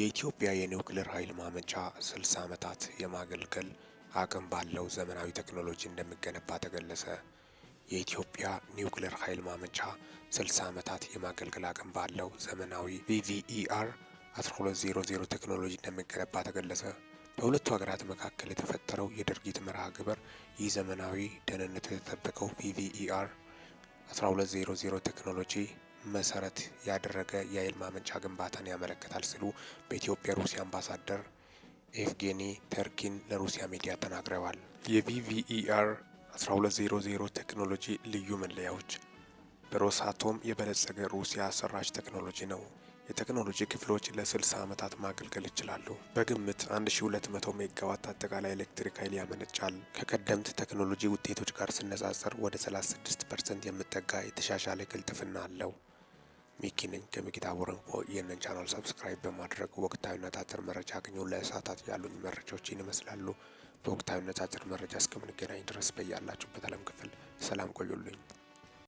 የኢትዮጵያ የኒውክሌር ኃይል ማመንጫ 60 ዓመታት የማገልገል አቅም ባለው ዘመናዊ ቴክኖሎጂ እንደሚገነባ ተገለጸ። የኢትዮጵያ ኒውክሌር ኃይል ማመንጫ 60 ዓመታት የማገልገል አቅም ባለው ዘመናዊ ቪቪኢአር 1200 ቴክኖሎጂ እንደሚገነባ ተገለጸ። በሁለቱ ሀገራት መካከል የተፈጠረው የድርጊት መርሃ ግብር ይህ ዘመናዊ ደህንነቱ የተጠበቀው ቪቪኢአር 1200 ቴክኖሎጂ መሰረት ያደረገ የኃይል ማመንጫ ግንባታን ያመለክታል ሲሉ በኢትዮጵያ ሩሲያ አምባሳደር ኤቭጌኒ ተርኪን ለሩሲያ ሚዲያ ተናግረዋል። የቪቪኢአር 1200 ቴክኖሎጂ ልዩ መለያዎች በሮሳቶም የበለጸገ ሩሲያ ሰራሽ ቴክኖሎጂ ነው። የቴክኖሎጂ ክፍሎች ለ60 ዓመታት ማገልገል ይችላሉ። በግምት 1200 ሜጋዋት አጠቃላይ ኤሌክትሪክ ኃይል ያመነጫል። ከቀደምት ቴክኖሎጂ ውጤቶች ጋር ሲነጻጸር ወደ 36 ፐርሰንት የምጠጋ የተሻሻለ ቅልጥፍና አለው። ሚኪ ነኝ ከሚኪታቦር ይህንን ቻናል ሰብስክራይብ በማድረግ ወቅታዊነት አጫጭር መረጃ አግኙ። ለእሳታት ያሉኝ መረጃዎች ይህን ይመስላሉ። በወቅታዊና አጫጭር መረጃ እስከምንገናኝ ድረስ በያላችሁበት አለም ክፍል ሰላም ቆዩልኝ።